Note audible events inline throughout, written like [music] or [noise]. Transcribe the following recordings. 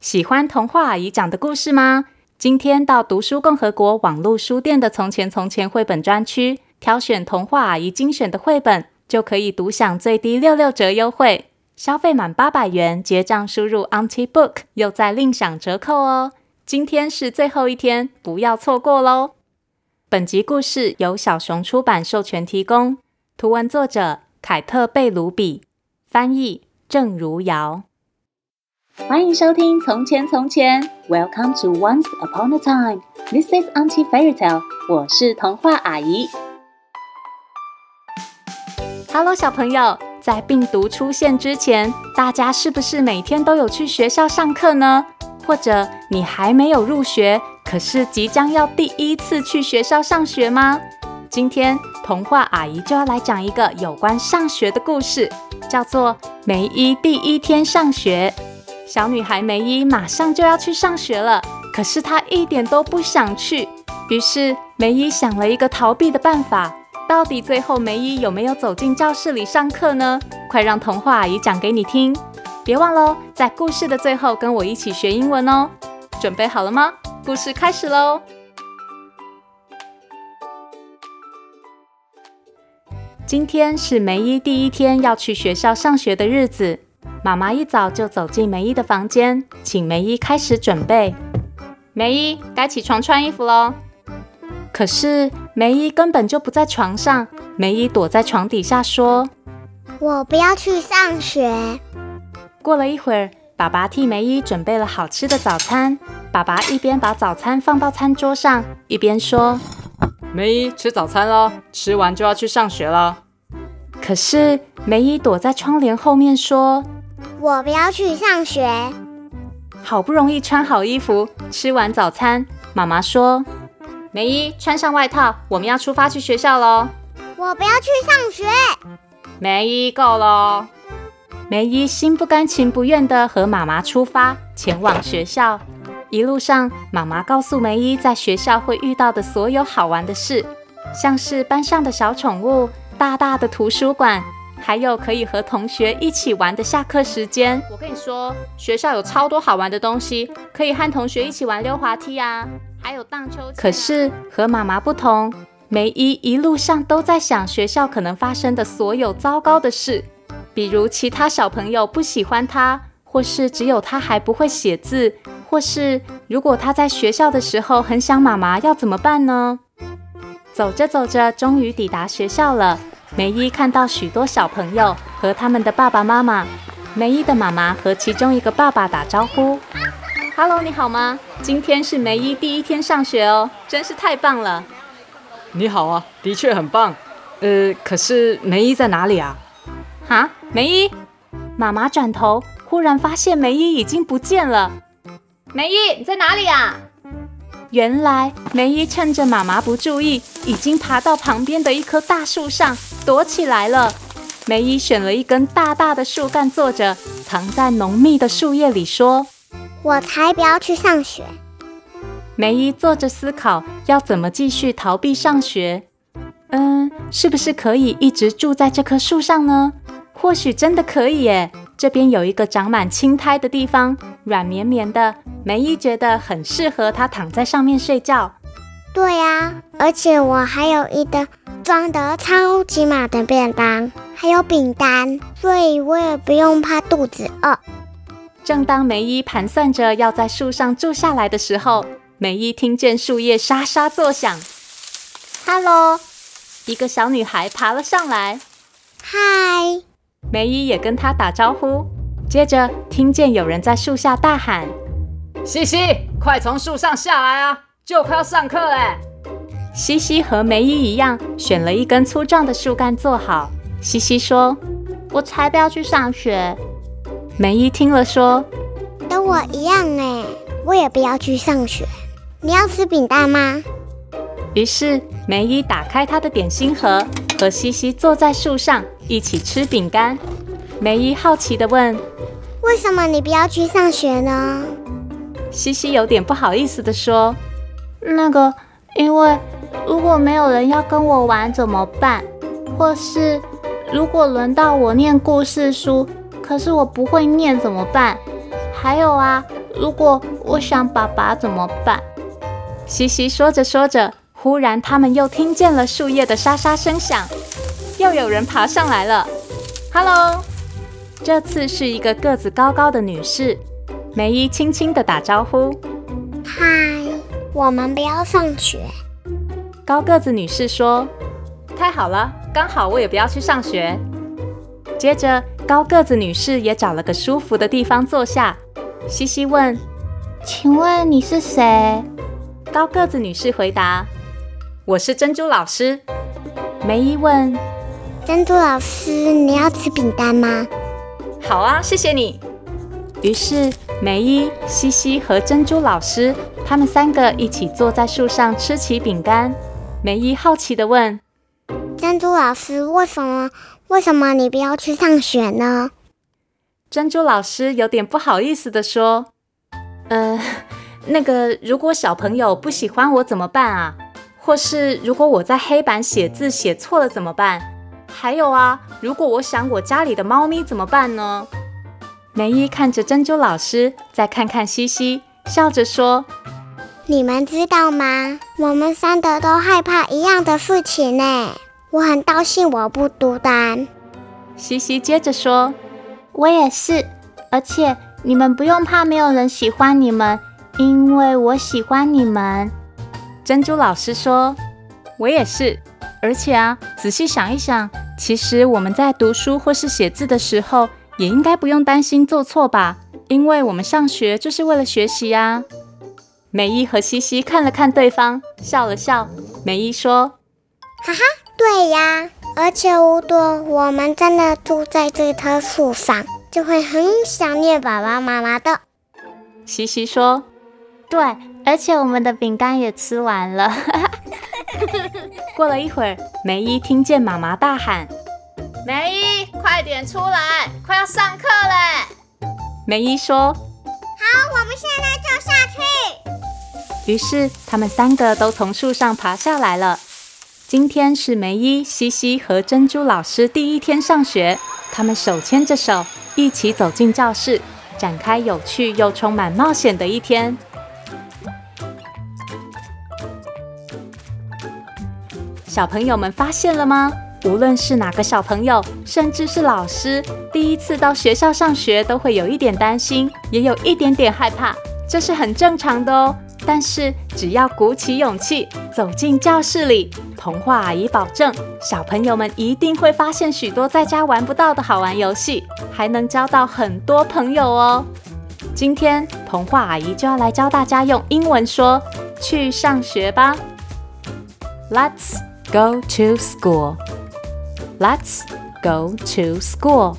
喜歡童話阿姨講的故事嗎？今天到讀書共和國網路書店的從前從前繪本專區挑選童話阿姨精選的繪本，就可以獨享最低六六折優惠。消費滿八百元結賬輸入 Auntie Book 又再另享折扣哦。今天是最後一天，不要錯過嘍！本集故事由小熊出版授權提供，圖文作者凱特貝魯比，翻譯鄭如瑤。歡迎收聽《從前從前》，Welcome to Once Upon a Time。This is Auntie Fairy Tale。我是童話阿姨。Hello，小朋友，在病毒出現之前，大家是不是每天都有去學校上課呢？或者你還沒有入學，可是即將要第一次去學校上學嗎？今天童話阿姨就要來講一個有關上學的故事，叫做《梅伊第一天上學》。小女孩梅伊馬上就要去上學了，可是她一點都不想去。於是梅伊想了一個逃避的辦法。到底最後梅伊有沒有走進教室裡上課呢？快讓童話阿姨講給你聽！別忘了在故事的最後跟我一起學英文哦。準備好了嗎？故事開始嘍！今天是梅伊第一天要去學校上學的日子。媽媽一早就走進梅伊的房間，請梅伊開始準備。梅伊該起床穿衣服嘍。可是梅伊根本就不在床上。梅伊躲在床底下說：“我不要去上學。”過了一會兒，爸爸替梅伊準備了好吃的早餐。爸爸一邊把早餐放到餐桌上，一邊說：“梅伊吃早餐嘍，吃完就要去上學了。”可是梅伊躲在窗簾後面說。我不要去上學。好不容易穿好衣服，吃完早餐，媽媽說：“梅伊，穿上外套，我們要出發去學校嘍。”我不要去上學。梅伊夠嘍。梅伊心不甘情不願的和媽媽出發，前往學校。一路上，媽媽告訴梅伊在學校會遇到的所有好玩的事，像是班上的小寵物、大大的圖書館。還有可以和同學一起玩的下課時間。我跟你說，學校有超多好玩的東西，可以和同學一起玩溜滑梯啊，還有盪秋千。可是和媽媽不同，梅伊一,一路上都在想學校可能發生的所有糟糕的事，比如其他小朋友不喜歡她，或是只有她還不會寫字，或是如果她在學校的時候很想媽媽，要怎麼辦呢？走着走着，終於抵達學校了。梅伊看到許多小朋友和他們的爸爸媽媽。梅伊的媽媽和其中一個爸爸打招呼：“Hello，你好嗎？今天是梅伊第一天上學哦，真是太棒了。”“你好啊，的確很棒。”“呃，可是梅伊在哪裡啊？”“哈，梅伊！”媽媽轉頭，忽然發現梅伊已經不見了。“梅伊，你在哪裡啊？”原來梅伊趁着媽媽不注意，已經爬到旁邊的一棵大樹上躲起來了。梅伊選了一根大大的樹幹坐着，藏在濃密的樹葉裡，說：“我才不要去上學。”梅伊坐着思考，要怎麼繼續逃避上學？嗯，是不是可以一直住在這棵樹上呢？或許真的可以耶。這邊有一個長滿青苔的地方，軟綿綿的，梅伊覺得很適合她躺在上面睡覺。對呀、啊，而且我還有一個裝得超級滿的便當，還有餅乾，所以我也不用怕肚子餓。正當梅伊盤算着要在樹上住下來的時候，梅伊聽見樹葉沙沙作響。Hello，一個小女孩爬了上來。嗨。梅伊也跟她打招呼，接着聽見有人在樹下大喊：“西西，快從樹上下來啊！就快要上課了。”西西和梅伊一樣，選了一根粗壯的樹幹坐好。西西說：“我才不要去上學。”梅伊聽了說：“跟我一樣哎，我也不要去上學。你要吃餅乾嗎？”於是梅伊打開她的點心盒。和西西坐在樹上一起吃餅乾。梅伊好奇的問：“為什麼你不要去上學呢？”西西有點不好意思的說：“那個，因為如果沒有人要跟我玩怎麼辦？或是如果輪到我念故事書，可是我不會念怎麼辦？還有啊，如果我想爸爸怎麼辦？”西西說着說着。忽然，他們又聽見了樹葉的沙沙聲響，又有人爬上來了。Hello，這次是一個個子高高的女士，梅伊輕輕地打招呼。嗨，我們不要上學。高個子女士說：“太好了，剛好我也不要去上學。”接着，高個子女士也找了個舒服的地方坐下。西西問：“請問你是誰？”高個子女士回答。我是珍珠老師。梅伊問：“珍珠老師，你要吃餅乾嗎？”“好啊，謝謝你。”於是梅伊、西西和珍珠老師他們三個一起坐在樹上吃起餅乾。梅伊好奇地問：“珍珠老師，為什麼為什麼你不要去上學呢？”珍珠老師有點不好意思地說：“呃，那個如果小朋友不喜歡我怎麼辦啊？”或是如果我在黑板寫字寫錯了怎麼辦？還有啊，如果我想我家裡的貓咪怎麼辦呢？梅伊看着針灸老師，再看看西西，笑着說：“你們知道嗎？我們三個都害怕一樣的事情呢。我很高興我不孤單。”西西接着說：“我也是，而且你們不用怕沒有人喜歡你們，因為我喜歡你們。”珍珠老師說：“我也是，而且啊，仔細想一想，其實我們在讀書或是寫字的時候，也應該不用擔心做錯吧，因為我們上學就是為了學習呀。”梅伊和西西看了看對方，笑了笑。梅伊說：“哈哈，對呀，而且如果我們真的住在這棵樹上，就會很想念爸爸媽媽的。”西西說。對，而且我們的餅乾也吃完了。 [laughs] 過了一會兒，梅伊聽見媽媽大喊：“梅伊，快點出來，快要上課了。”梅伊說：“好，我們現在就下去。”於是他們三個都從樹上爬下來了。今天是梅伊、西西和珍珠老師第一天上學，他們手牽着手一起走進教室，展開有趣又充滿冒險的一天。小朋友們發現了嗎？無論是哪個小朋友，甚至是老師，第一次到學校上學，都會有一點擔心，也有一點點害怕，這是很正常的哦。但是只要鼓起勇氣走進教室裡，童話阿姨保證，小朋友們一定會發現許多在家玩不到的好玩遊戲，還能交到很多朋友哦。今天童話阿姨就要來教大家用英文說“去上學吧 ”，Let's。Go to school. Let's go to school.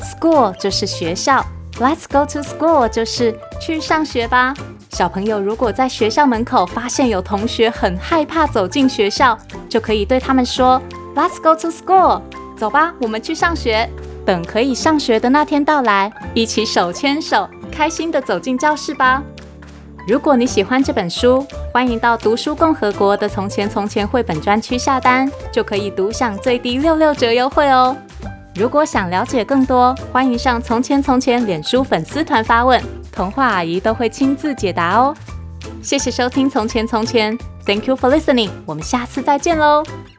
School 就是學校。Let's go to school 就是去上學吧。小朋友如果在學校門口發現有同學很害怕走進學校，就可以對他們說 Let's go to school，走吧，我們去上學。等可以上學的那天到來，一起手牽手，開心地走進教室吧。如果你喜歡這本書，歡迎到讀書共和國的《從前從前》繪本專區下單，就可以獨享最低六六折優惠哦！如果想了解更多，歡迎上《從前從前》臉書粉絲團發問，童話阿姨都會親自解答哦！謝謝收聽《從前從前》，Thank you for listening，我們下次再見嘍！